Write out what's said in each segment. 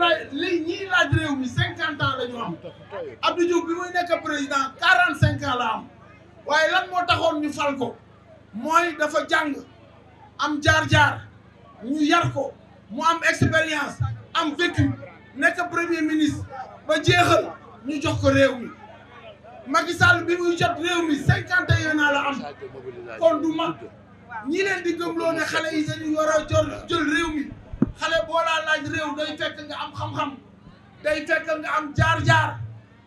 laaj li ñii laaj réew mi cinquante ans la ñu am Abdou Diouf bi muy nekk président quarante cinq ans la am waaye lan moo taxoon ñu fal ko mooy dafa jàng am jaar-jaar ñu yar ko mu am expérience am vécu nekk premier ministre ba jeexal ñu jox ko réew mi Macky Sall bi muy jot réew mi cinquante et un ans la am kon du mag ñi leen di gëmloo ne xale yi dañu war a jor jël réew mi xale boo laa laaj réew day fekk nga am xam-xam day fekk nga am jaar-jaar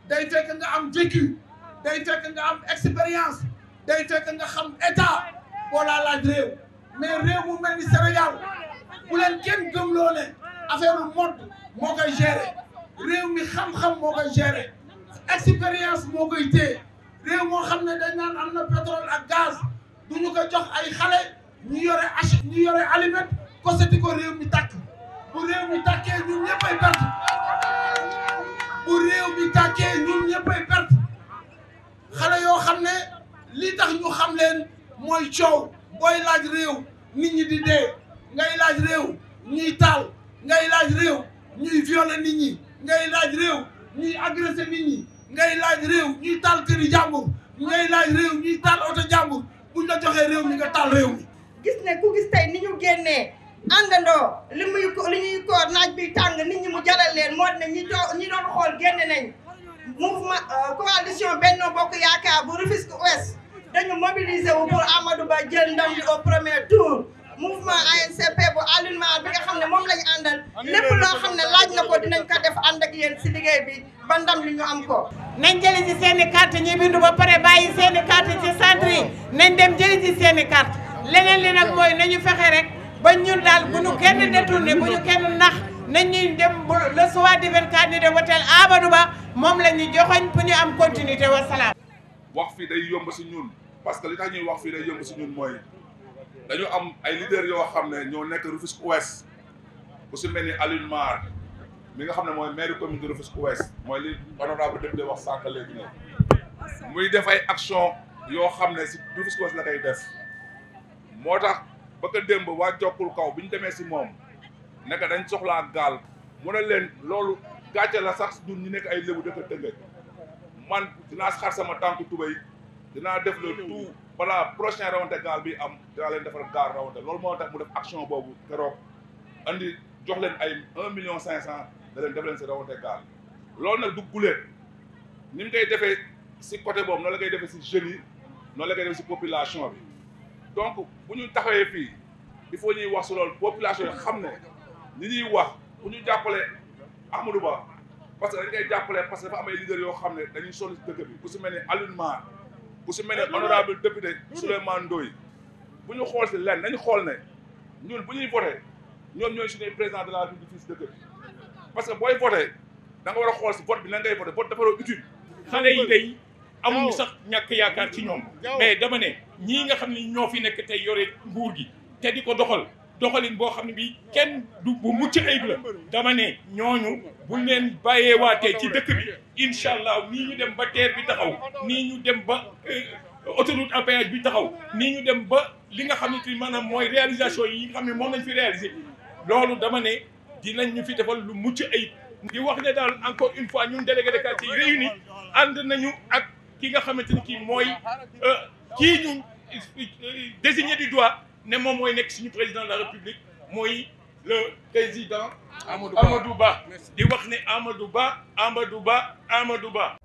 day fekk nga am vécu day fekk nga am expérience day fekk nga xam état boo laaj réew mais réew mu mel ni Sénégal bu leen kenn gëmloo ne affaire moo koy gérer réew mi xam-xam moo koy gérer expérience moo koy téye réew moo xam ne dañ naan am na pétrole ak gaz du ñu ko jox ay xale ñu yore ach ñu yore réew mi tàkk bu réew mi tàkkee ñun ñëpp ay bu réew mi tàkkee ñun ñëpp ay perte xale yoo xam ne li tax ñu xam leen mooy coow booy laaj réew ni ñi di dee ngay réew ñuy taal ngay laaj réew ñuy violer nit ñi ngay laaj réew ñuy agresser nit ñi ngay laaj réew ñuy taal këri jàmbur ngay laaj réew ñuy taal oto jàmbur buñ la réew mi nga taal réew mi. gis ne ku gis tey ni ñu génnee àndandoo li muy li moo ne ñi too ñi doon xool génn nañ mouvement euh, coalition Benno Bokk Yaakaar bu Rufisque Ouest dañu mobiliser wu pour Amadou Ba jël ndam li au premier tour mouvement ANCP bu alignement bi nga xam moom lañu àndal lépp loo xam ne laaj na ko dinañ ko def ànd ak yéen si liggéey bi ba ndam li ñu am ko nañ jëli ci seen i carte ñi bindu ba pare bàyyi seen i carte ci centre yi nañ dem jëli ci seen i carte leneen li mooy nañu fexe rek ba ñun daal bu ñu kenn détourné bu ñu kenn nax nañ ñuy dem bu le soir di vingt quatre ni de woteel Amadou Ba moom la ñu joxoñ pour ñu am continuité wa wax fii day yomb si ñun parce que li tax ñuy wax fii day yomb si ñun mooy dañu am ay leaders yoo xam ne ñoo nekk Rufisque Ouest ku si mel ni Alioune Mar mi nga xam ne mooy maire commune de Rufisque mooy li honorable député wax sànq léegi na muy def action yoo xam ne si Rufisque Ouest la koy def moo tax ba ko démb waa jokkul kaw bu ñu demee si moom naka dañ soxlaa gaal mu ne leen loolu gàcce la sax ñun ñu nekk ay lébu dëkk Tëngéej man dinaa xar sama tànk tubéy dinaa def le tout balaa prochain rawante gaal bi am dinaa leen defal gaal rawante loolu moo tax mu def action boobu keroog andi jox leen ay un million cinq cent da leen si rawante gaal loolu nag du guléet ni mu koy defee si côté boobu noonu la koy defee si jeunes yi noonu la defee si population bi donc bu ñu taxawee fii il faut ñuy wax si loolu population yi ne li ñuy wax ku ñu jàppale Amadou Ba parce que dañ koy jàppale parce que dafa am ay leaders yoo xam ne dañuy sonn si dëkk bi ku si mel ni Alioune Mar ku si mel ni honorable député Souleymane Ndoye bu ñu xool si lenn nañu xool ne ñun bu ñuy voté ñoom si suñuy président de la République fii si dëkk bi parce que booy voté da nga war a xool si vote bi na ngay voté vote dafa doon utile xale yi day amuñu sax ñàkk yaakaar ci ñoom mais dama ne ñii nga xam ne ñoo fi nekk tey yore nguur gi te di ko doxal doxalin bo xamni bi kenn du bu mucc ayib la dama ne ñooñu buñ leen waté ci dëkk bi inshallah ni ñu dem ba terre bi taxaw ni ñu dem ba euh, autoroute à bi taxaw ni ñu dem ba li nga xamni ci manam moy réalisation yi nga xamni ne moom lañ fi réalisé lolu dama ne dinañ ñu fi defal lu mucc ayib. di wax ne daal encore une fois ñun délégué de quartier réuni and nañu ak ki nga xamante ni moy mooy euh, kii ñu euh, désigné du doigt ne moi le suis président de la république moi le président Amadouba. Ba di Amadouba, Amadouba, Amadouba, Amadouba.